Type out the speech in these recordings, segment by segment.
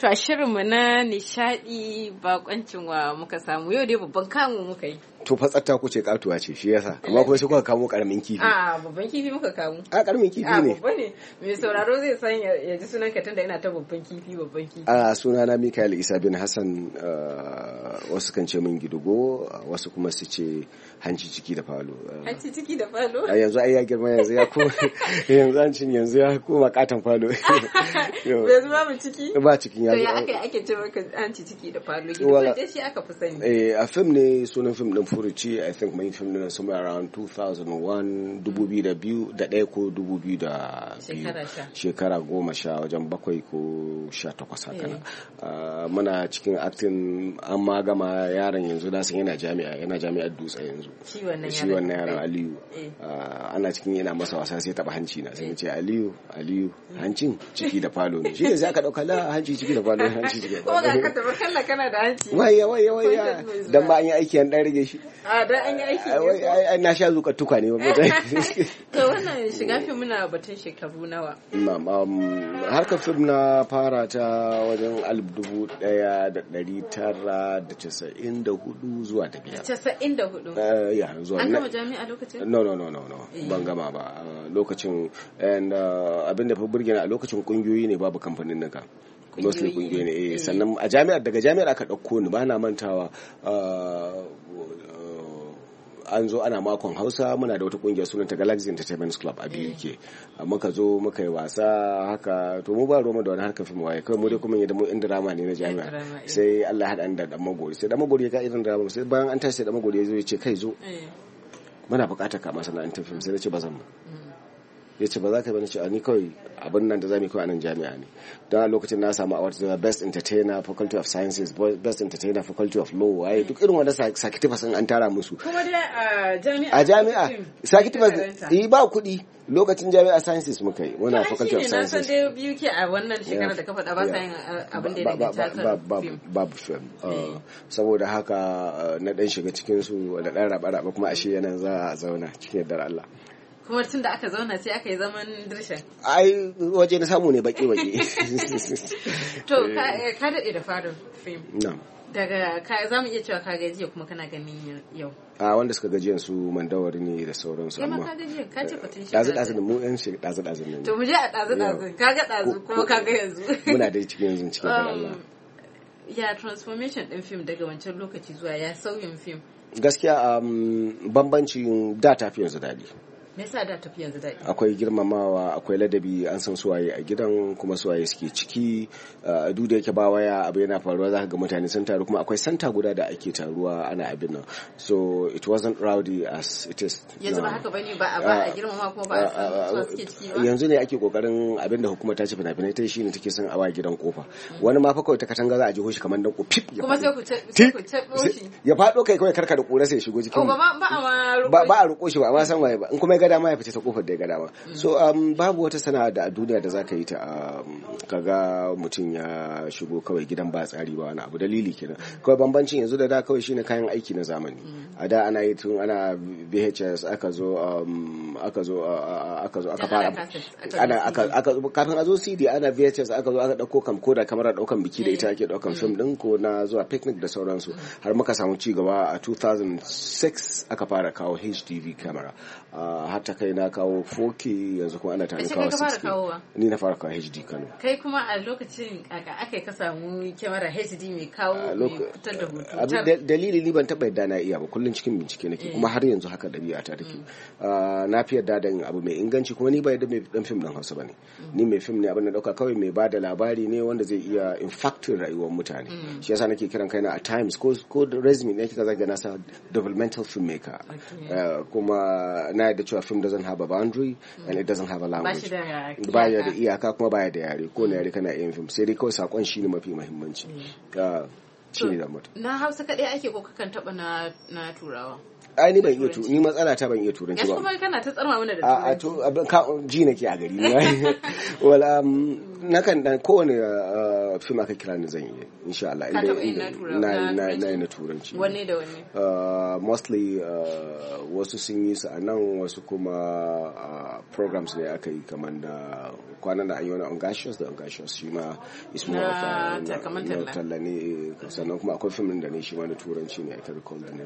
To a shirinmu na nishadi bakoncin wa muka samu yau dai babban kamun muka yi. to tsatta ku ce katuwa ce shi yasa amma kuma shi kuka kawo karamin kifi a babban kifi muka kawo a karamin kifi ne A ne mai sauraro zai san ya ji sunan ka tunda ina ta babban kifi babban kifi a suna na Mikael Isa bin Hassan eh, wasu kan ce min gidugo wasu kuma su ce hanci ciki da falo eh, hanci ciki da falo a yanzu ai ya girma yanzu ya koma yanzu cin yanzu ya koma katon falo yanzu ba mu ciki ba cikin yanzu to ya ake ake ce maka hanci ciki da falo gidugo dai shi aka fi sani eh a film ne sunan film din furuci i think mun film din somewhere around 2001 2002 da ɗaya ko 2002 shekara goma sha wajen bakwai ko sha takwas haka eh. ah, muna cikin acting an ma gama yaron yanzu na san yana jami'a yana jami'ar dutse yanzu shi wannan yaron eh. aliyu eh. Ah, ana cikin yana masa wasa sai taba hanci na sai ce aliyu aliyu hancin ciki da falo ne shi ne za ka ɗauka la hanci ciki da falo hanci ciki da falo. Ko da ka taɓa kalla kana da hanci. Waya waya waya dan ba an yi aiki an ɗan rage shi. a da an yi aiki ne ai na sha zuka tuka ne ba to wannan shiga fi muna batun shekaru nawa na'am um, harkar fim na fara ta wajen alif dubu daya da dari tara da casa'in da hudu zuwa da biyar casa'in da hudu eh, ya zuwa an gama jami'a lokacin no no no no ban gama ba eh, lokacin and uh, abin da fi a lokacin kungiyoyi ne babu kamfanin naka mostly kungiyoyi ne eh, mm. sannan a jami'ar daga jami'ar aka ɗauko ni ba na mantawa uh, an zo ana makon hausa muna da wata kungiyar sunanta galaxy entertainment club a uk muka zo muka yi wasa haka to mu ba roma da wani harkar fim waye kawai mu dai kuma yadda mu in drama ne na jami'a eh. sai Allah haɗa da dan magori sai dan magori ya ka irin drama sai bayan an tashi dan magori ya zo ya ce kai zo eh. muna buƙatar ka masana'antar fim sai na ce ba zan mu mm. ya ce ba za ka bani ce ni kawai abin nan da za mu kawai a nan jami'a ne don a lokacin na samu award da best entertainer faculty of sciences best entertainer faculty of law waye duk irin wanda sakitifas an tara musu kuma dai a jami'a sakitifas yi eh, ba kuɗi lokacin jami'a sciences muka yi muna faculty of sciences shi ne biyu ke a wannan shekarar da ka faɗa ba sa yin uh, abin da ya danganci babu film uh, eh. saboda haka uh, na ɗan shiga cikin su da ɗan raɓa-raɓa kuma ashe yana za a zauna cikin yardar Allah kuma tun da aka zauna sai aka yi zaman dirshan ai waje na samu ne baki baki to eh. ka daɗe da farin fim daga ka za mu iya cewa ka gajiya kuma kana ganin yau a wanda suka gaji su mandawari ne da sauransu amma ka gajiya ka ce fatin shi da dazu mu yan shi dazu dazu ne to mu je a dazu dazu ka ga dazu kuma ka ga yanzu muna da cikin yanzu cikin Allah um, ya transformation din film daga wancan lokaci zuwa ya sauyin film gaskiya um, bambancin da fi yanzu daɗi me yasa da tafi yanzu daɗi akwai girmamawa akwai ladabi an san suwaye a gidan kuma suwaye suke ciki ah, duk da yake ba waya abu yana faruwa zaka ga mutane sun taru kuma akwai santa guda da ake taruwa ana abin nan so it wasn't rowdy as it is yanzu ba haka bane ba a ba a ah, girmama kuma ba a ah, san suke ciki ba yanzu ne ake kokarin abin da hukuma ta ce fina-finai ta shine take son awa gidan kofa mm. wani ma fa kawai ta katanga za a ji hoshi kamar dan kofip kuma sai ku ya faɗo kai kawai karka da kura sai shigo oh, jikin ba a roƙo shi ba amma san waye ba in kuma ya gada ma ya fice ta kofar da ya gada dama so um, babu wata sana'a da a duniya da zaka yi ta um, kaga mutum ya shigo kawai gidan ba tsari ba wani abu dalili kenan kawai bambancin yanzu da da kawai shine kayan aiki na zamani a da ana yi tun ana VHS um, aka zo aka zo aka zo fara kafin a zo CD ana VHS aka zo aka dauko kam ko da kamar daukan biki da ita ake daukan film din ko na zuwa picnic da sauransu har muka samu ci gaba a 2006 aka fara kawo HDV camera uh, hata kai na kawo 4K yanzu kuma ana ta kawo 6K ni na fara kawo HD Kano kai kuma a lokacin aka akai ka samu kyamara HD mai kawo fitar da hoto dalili ni ban taba yadda na iya ba kullun cikin bincike nake eh. kuma har yanzu haka dabi'a ta take mm. ah, na fi yadda da abu mai inganci kuma ni ba yadda mai dan fim dan Hausa bane mm. ni mai fim ne abin da dauka kawai mai bada labari ne wanda zai iya infacting rayuwar mutane mm. shi yasa nake kiran kaina a times ko ko resume ne kika zaga na sa developmental filmmaker ah, kuma na yadda cewa film doesn't have a boundary mm. and it doesn't have a language ya da iyaka kuma ya da yare ko na yare kana yin film sai dai kawai sakon ne mafi muhimmanci mm. ne da mutum na hausa kadai ake ko kakan na turawa ai ni ban iya tu ni matsala ta ban iya turanci ba kuma kana ta tsarma mana da turanci a to abin ka ji nake a gari wal wala na um, kan dan kowane uh, fim aka kira ni zan yi insha Allah inda na na na na turanci wanne da wanne uh, mostly uh, wasu sun yi su a nan wasu kuma programs ne aka yi kamar da kwanan da an yi wani ungashos da ungashos shi ma is wa of a talla ne sannan kuma akwai fim da ne shi ma na turanci ne ita recall da ne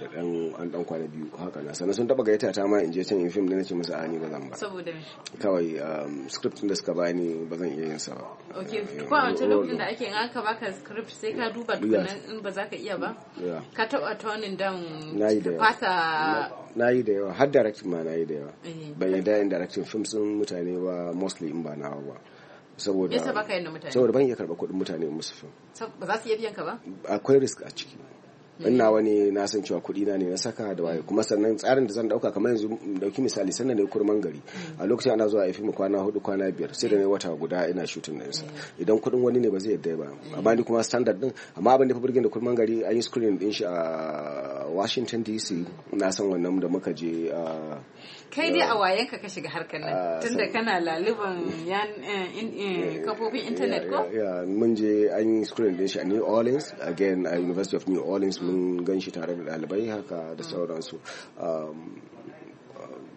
da dan an dan kwana biyu haka na sannan sun taba gaita ta ma in je can in film da nace musu ani ba zan ba saboda me kawai um, script din da suka bani ba zan iya yin sa ba okay eh, ko a wata oh, lokacin oh. da ake in aka baka script sai ka duba dukkan in ba za ka iya ba ka taba tonin down fasa na yi da yawa har directing ma na yi da yawa eh. ban yarda in directing film sun mutane ba mostly in ba na ba saboda saboda ban iya karba kuɗin mutane musu fim ba za su iya biyan ka ba akwai risk a ciki ina wani na san cewa kuɗi na ne na saka da waye kuma sannan tsarin da zan dauka kamar yanzu dauki misali sannan ne kurman gari a lokacin ana zuwa ifi mu kwana hudu kwana biyar sai da ne wata guda ina shooting din sa idan kuɗin wani ne ba zai yadda ba amma ni kuma standard din amma abin da fa burgin da kurman gari an yi screening din shi a Washington DC na san wannan da muka je kai dai a wayen ka ka shiga harkar nan tunda kana laliban eh, eh, kafofin internet ko mun je an yi screening din shi a New Orleans again a University of New Orleans mun gan shi tare da dalibai haka da sauransu um,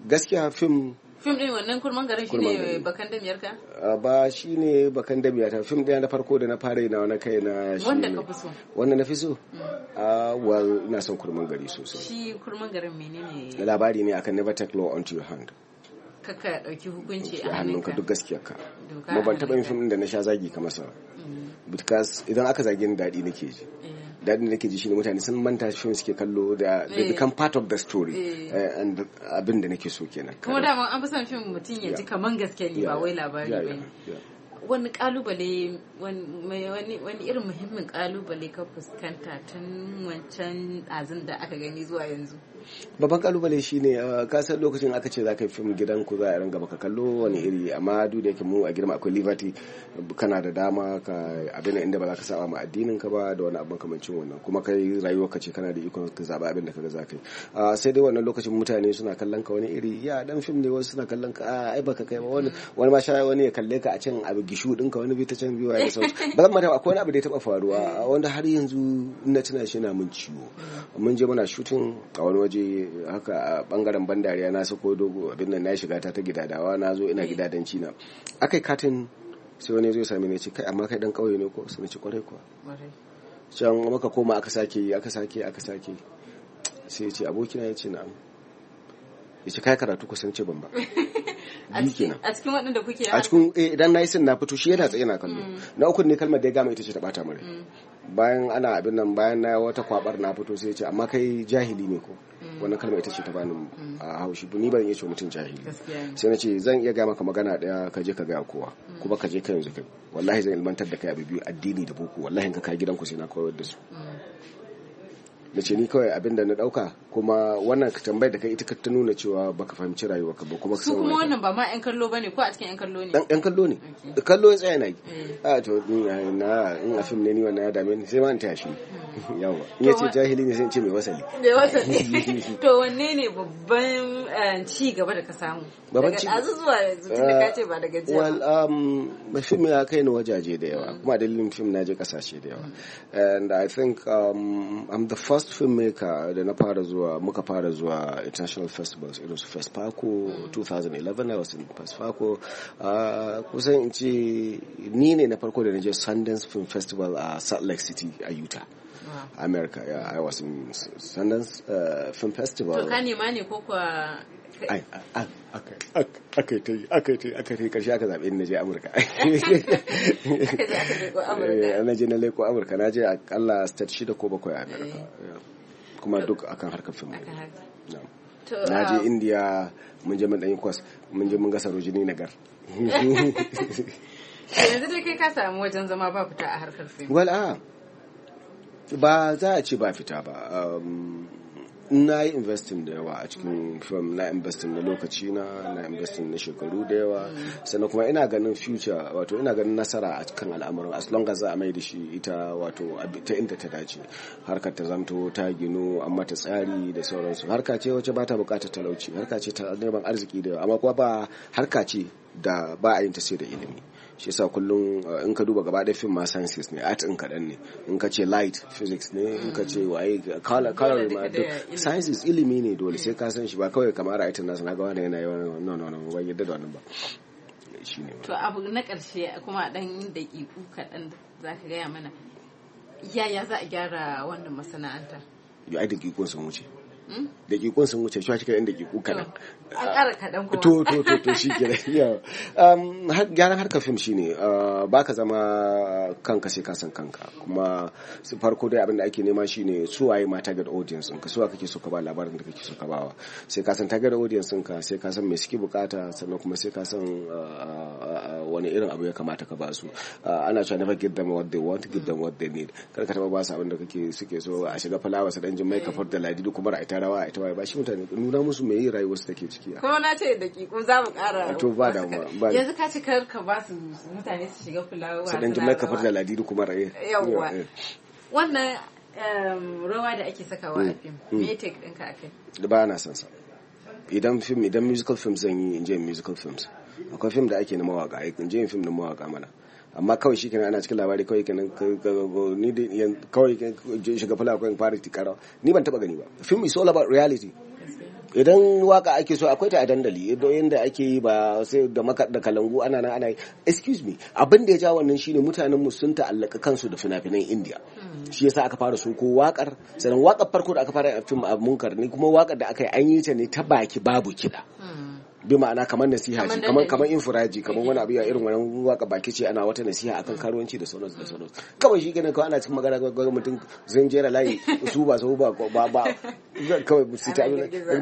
gaskiya fim fim din wannan kurman garin shi ne bakan damiyar ka uh, ba shi ne bakan damiya ta fim ɗaya na farko da na fara yi na wani kai na shi wanda ka fi so wanda na fi so mm. uh, well na son kurman gari sosai shi kurman garin menene labari ne akan never take law onto your hand ka dauki hukunci a hannunka duk gaskiya ka kuma ban taba yin fim da na sha zagi kamar sa mm. because idan aka zagi ni daɗi nake ji eh. daɗin da nake ji ne mutane sun manta shi suke kallo da they eh. become part of the story eh. Eh, and abin da nake so kenan kuma da an fi son fim mutum ya ji kaman gaske ne ba wai labari ba wani kalubale wani irin muhimmin kalubale ka fuskanta tun wancan azin da aka gani zuwa yanzu babban kalubale shine uh, ka san lokacin aka ce za ka yi fim gidan ku za a ringa baka kallo wani iri amma duk da yake mu a girma akwai liberty kana da dama ka abin inda ba za ka saba ma addinin ka ba da wani abin kamancin wannan kuma kai rayuwar ka ce kana da iko ka zaba abin da kaga za ka yi uh, sai dai wannan lokacin mutane suna kallon ka wani iri ya dan fim ne wasu suna kallon ka ai baka kai ba wani wani ma shayi wani ya kalle ka a can abu gishu din ka wani bi ta can biyu ya sauransu ba zan mata akwai wani abu da ya taba faruwa wanda har yanzu ina tuna shi na mun ciwo mun je muna shooting a wani waje je haka a bangaren bandariya na sako dogo abin nan na shiga ta ta gidadawa na zo ina eh. gidadan cina akai katin sai wani zai sami ne ce kai amma kai dan kauye ne ko sun ci kwarai kuwa can maka koma aka sake aka sake aka sake sai ce abokina ya ce na'am ya ce kai karatu ku ban ba a cikin waɗanda kuke a cikin eh, idan idan nayi sin na fito shi yana tsaye na kallo mm. na uku ne kalmar da ya gama ita ce ta bata mare mm. bayan ana abin nan bayan na wata kwabar na fito sai ce amma kai jahili ne ko mm. wannan kalmar ita ce ta bani a haushi bu ni ban yace ce mutum jahili sai na ce zan iya gama ka magana daya ka je ka gaya kowa kuma ka je ka yanzu kai wallahi zan ilmantar da kai abu biyu addini da boko wallahi in ka kai gidanku sai na koyar da su na ce ni kawai abin da na dauka kuma wannan ka tambayar da kai ita ta nuna cewa baka fahimci rayuwa ka ba kuma ka kuma wannan ba ma yan kallo bane ko a cikin yan kallo ne yan kallo ne kallo ya tsaya na yi mm. a ah, to na in a fim ne ni wannan ya dame ni sai ma in tashi mm. yawa in ce jahili ne sai in ce mai wasali mai wasali to wanne ne babban eh, ci gaba da ka samu babban ci azu zuwa yanzu tunda ka ce ba daga jiya eh, wal um fim ya kai ni wajaje da yawa kuma dalilin fim na je kasashe da yawa mm. and i think um i'm the first filmmaker da na fara zuwa zuwa muka fara zuwa international festivals irin su first fespaco 2011 i was in first fespaco ah, kusan in ce ni ne na farko da na je sundance film festival a salt lake city a utah America. Yeah, I was in Sundance uh, Film Festival. To ka nema ne ko kuwa ai aka ta yi ta yi aka yi karshe aka zaɓe na je amurka eh, na je na leko amurka na je a akalla state shida ko bakwai a amurka eh. kuma duk akan harkar fim na je um, indiya mun je mun ɗanyi kwas mun je mun ga sarojini nagar yanzu dai kai ka samu wajen zama ba fita a harkar fim ah, ba za a ce ba fita ba um, na yi investing da yawa a cikin firm na investing na lokaci na na investing na shekaru da yawa sannan kuma ina ganin future wato ina ganin nasara a cikin al'amuran as long as za a mai da shi ita wato ta inda ta dace harkar ta zamto ta gino amma ta tsari da sauransu harka ce wacce ba ta bukatar talauci harka ce ta neman arziki da yawa amma kuma ba harka ce da ba a yin ta sai da ilimi shi sa kullum uh, in ka duba gaba ɗaya fim ma sciences ne art in kaɗan ne in ka ce light physics ne in ka ce waye color color ma duk sciences ilimi ne dole hmm. sai ka san shi ba kawai kamar a nasa na ga wani yana yawan no no no ba yadda da wannan ba shine to abu na ƙarshe kuma dan daƙiƙu kaɗan zaka gaya mana yaya za a gyara wannan masana'anta ai daƙiƙun sun wuce dakikun sun wuce shi kaɗan dakiku kaɗan to to to to shi kenan um, gyaran harkar fim shine uh, ba ka zama kanka sai ka san kanka kuma farko dai abinda ake nema shine su waye ma target audience ka suwa kake so ka ba labarin da kake so ka bawa sai ka san target audience ka sai ka san me suke bukata sannan kuma sai ka san uh, uh, wani irin abu ya kamata ka ba su ana cewa never give them what they want give them what they need kar ka taba ba su abin da kake suke so a shiga fulawa su dan jin mai kafar da ladidi kuma ra'ayi rawa a ita ba shi mutane nuna musu me yi rayuwarsu su take ciki kuma na ce da dakiku za mu ƙara to ba da ba yanzu ka ci kar ka ba su mutane su shiga fulawa sadan jimlar kafar da ladidi kuma raye eh. wannan rawa da ake sakawa a mm, fim mm. me take ɗinka a kai ba na san sa idan film idan musical films zan yi in je musical films akwai film da ake na mawaka in je film na mawaka mana amma kawai shi kenan ana cikin labari kawai kenan ni da kawai shiga fula kawai fara tikara ni ban taba gani ba film is all about reality idan waka ake so akwai ta a dandali yadda ake yi ba sai da maka da kalangu ana nan ana excuse me abin da ya ja wannan shine mutanen mu sun ta'allaka kansu da fina-finan India hmm. shi yasa aka fara so ko wakar sannan wakar farko da aka fara a film a munkar ne kuma wakar da aka yi an yi ta ne ta baki babu kida bi ma'ana kamar nasiha shi kamar kamar infiraji kamar wani abu ya irin ruwa waka baki ce ana wata nasiha akan mm. karuwanci da sauransu da sauransu kawai shi kenan kawai ana cikin magana ga mutum zan jera layi su ba su ba ba kawai su ta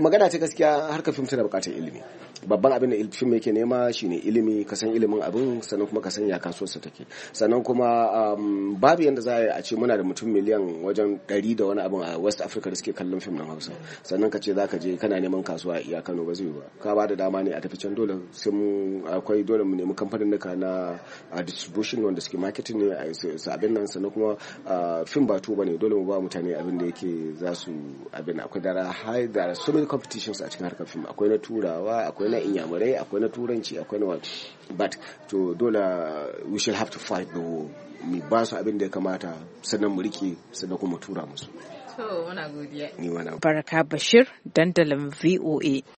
magana ce gaskiya harkar fim tana bukatar ilimi babban abin da fim yake nema shine ilimi ka san ilimin abin sannan kuma ka san ya kasuwarsa take sannan kuma um, babu yanda za a ce muna da mutum miliyan wajen ɗari da wani abin a west africa da suke kallon fim nan hausa sannan ka ce za ka je kana neman kasuwa iya kano ba zai ba ka ba da dama dama ne a tafi dole sai mu akwai dole mu nemi kamfanin naka na distribution wanda suke marketing ne a abin nan sannan kuma fim ba tuba ne dole mu ba mutane abin da yake za su abin akwai dara high there are so many competitions a cikin harkar fim akwai na turawa akwai na inyamurai akwai na turanci akwai na but to dole we shall have to fight the war mu ba su abin da ya kamata sannan mu rike sannan kuma tura musu. To, muna godiya. Ni Baraka Bashir, dandalin VOA.